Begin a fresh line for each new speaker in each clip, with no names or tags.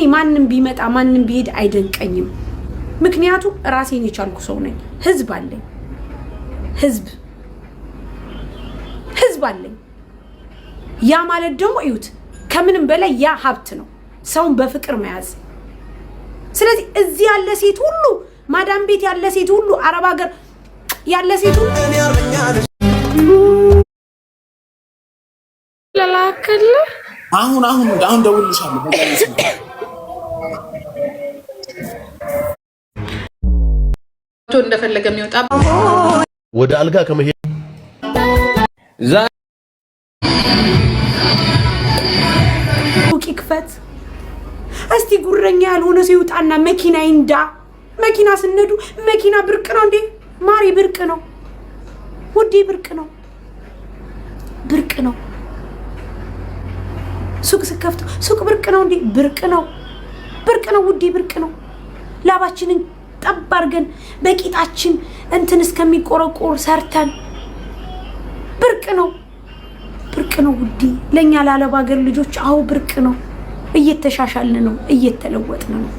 እኔ ማንም ቢመጣ ማንም ቢሄድ አይደንቀኝም። ምክንያቱም ራሴን የቻልኩ ሰው ነኝ። ህዝብ አለኝ፣ ህዝብ ህዝብ አለኝ። ያ ማለት ደግሞ እዩት፣ ከምንም በላይ ያ ሀብት ነው፣ ሰውን በፍቅር መያዝ። ስለዚህ እዚህ ያለ ሴት ሁሉ፣ ማዳም ቤት ያለ ሴት ሁሉ፣ አረብ ሀገር ያለ ሴት ሁሉ
አሁን አሁን አሁን ደውልሻለሁ።
እንደፈለገ የሚወጣ
ወደ አልጋ ከመሄድ
ክፈት እስቲ ጉረኛ ያልሆነ ሰው ይውጣና መኪና ይንዳ። መኪና ስነዱ መኪና ብርቅ ነው እንዴ? ማሪ ብርቅ ነው ውዴ፣ ብርቅ ነው ብርቅ ነው። ሱቅ ስከፍቱ ሱቅ ብርቅ ነው እንዴ? ብርቅ ነው። ብርቅ ነው ውዴ፣ ብርቅ ነው። ላባችንን ጠብ አድርገን በቂጣችን እንትን እስከሚቆረቆር ሰርተን ብርቅ ነው፣ ብርቅ ነው ውዴ። ለእኛ ለአለባ ሀገር ልጆች አሁ ብርቅ ነው። እየተሻሻልን ነው፣ እየተለወጥን ነው፣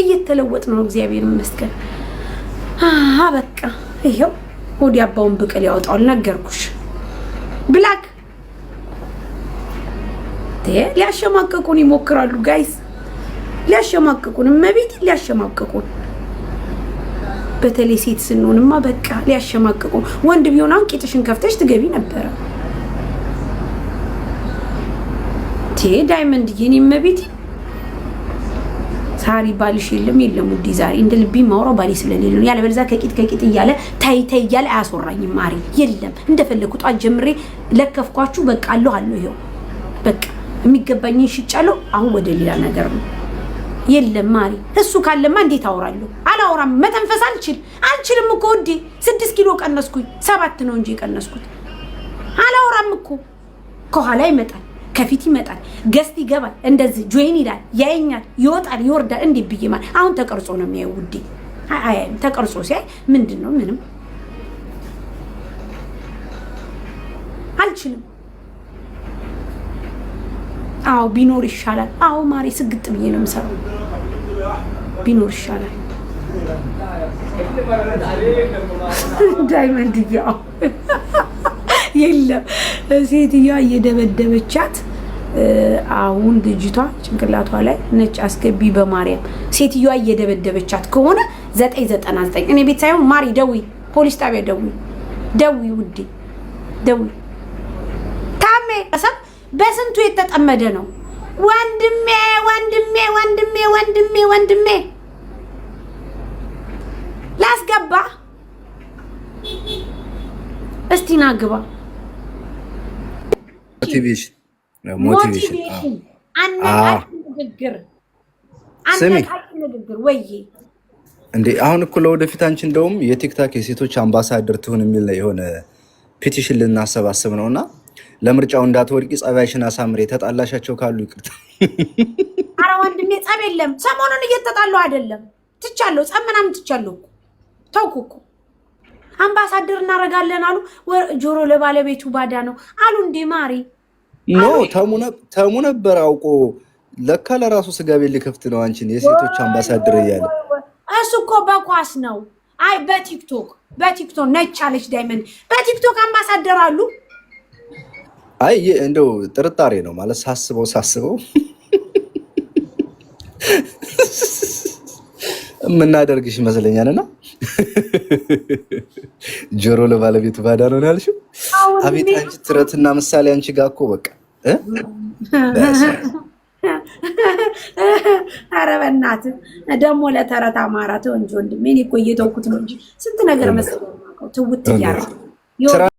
እየተለወጥን ነው። እግዚአብሔር ይመስገን። በቃ ይኸው ወዲ አባውን ብቅል ያወጣዋል። ነገርኩሽ ብላክ ሊያሸማቀቁን ይሞክራሉ ጋይስ፣ ሊያሸማቀቁን እመቤት ሊያሸማቀቁን። በተለይ ሴት ስንሆንማ በቃ ሊያሸማቀቁን። ወንድ ቢሆን አሁን ቂጥሽን ከፍተሽ ትገቢ ነበረ። ዳይመንድ የኔ እመቤት ሳሪ ባልሽ የለም የለም፣ ውዴ ዛሬ እንደ ልቢ ማውራው ባሌ ስለሌለ ነው። ያለበለዛ ከቂጥ ከቂጥ እያለ ታይ ታይ እያለ አያስወራኝም። ማሪ የለም እንደፈለኩ ጧት ጀምሬ ለከፍኳችሁ። በቃ አለሁ አለሁ፣ ይኸው በቃ የሚገባኝን ሽጫለሁ። አሁን ወደ ሌላ ነገር ነው። የለም ማሪ፣ እሱ ካለማ እንዴት አወራለሁ? አላወራም። መተንፈስ አልችል አልችልም እኮ እንዴ። ስድስት ኪሎ ቀነስኩኝ፣ ሰባት ነው እንጂ የቀነስኩት። አላወራም እኮ ከኋላ ይመጣል ከፊት ይመጣል፣ ገስት ይገባል፣ እንደዚህ ጆይን ይላል፣ ያየኛል፣ ይወጣል፣ ይወርዳል። እንዴት ብዬ ማለት አሁን ተቀርጾ ነው የሚያየው ውዴ። አያይም ተቀርጾ ሲያይ ምንድን ነው ምንም አልችልም። አዎ ቢኖር ይሻላል። አዎ ማሬ ስግጥ ብዬ ነው የምሰራው። ቢኖር ይሻላል። ዳይመንድ ዳይመንድያ የለም ሴትዮዋ እየደበደበቻት አሁን ልጅቷ ጭንቅላቷ ላይ ነጭ አስገቢ በማርያም ሴትዮዋ እየደበደበቻት ከሆነ ዘጠኝ ዘጠና ዘጠኝ እኔ ቤት ሳይሆን ማሪ ደዊ ፖሊስ ጣቢያ ደውይ፣ ደዊ ደዊ ውዴ ደዊ ታሜ ሰብ በስንቱ የተጠመደ ነው ወንድሜ ወንድሜ ወንድሜ ወንድሜ ወንድሜ ላስገባ እስቲ ናግባ
እንዴ! አሁን እኮ ለወደፊት አንቺ እንደውም የቲክታክ የሴቶች አምባሳደር ትሁን የሚል የሆነ ፒቲሽን ልናሰባስብ ነው እና ለምርጫው እንዳትወድቂ ጸባይሽን አሳምሬ። ተጣላሻቸው ካሉ ይቅርታ።
አረ ወንድሜ ጸብ የለም። ሰሞኑን እየተጣሉ አይደለም። ትቻለሁ፣ ጸብ ምናምን ትቻለሁ። ተውኩ እኮ አምባሳደር እናደርጋለን አሉ። ጆሮ ለባለቤቱ ባዳ ነው አሉ። እንዴ ማሪ
ኖ ተሙ ነበር አውቆ ለካ ለራሱ ስጋቤ ልክፍት ነው አንቺን የሴቶች አምባሳደር እያለ
እሱ እኮ በኳስ ነው። አይ በቲክቶክ በቲክቶክ ነች አለች ዳይመንድ በቲክቶክ አምባሳደር አሉ።
አይ እንደው ጥርጣሬ ነው ማለት ሳስበው ሳስበው የምናደርግሽ ይመስለኛል እና ጆሮ ለባለቤቱ ባዳ ነው ያልሽው። አቤት አንቺ ትረትና ምሳሌ አንቺ ጋር እኮ በቃ
ኧረ በእናትህ ደግሞ ለተረት አማራ ተው እንጂ ወንድሜ፣ እኔ እኮ እየተውኩት ነው እንጂ ስንት ነገር መሰለኝ ትውት እያደረኩ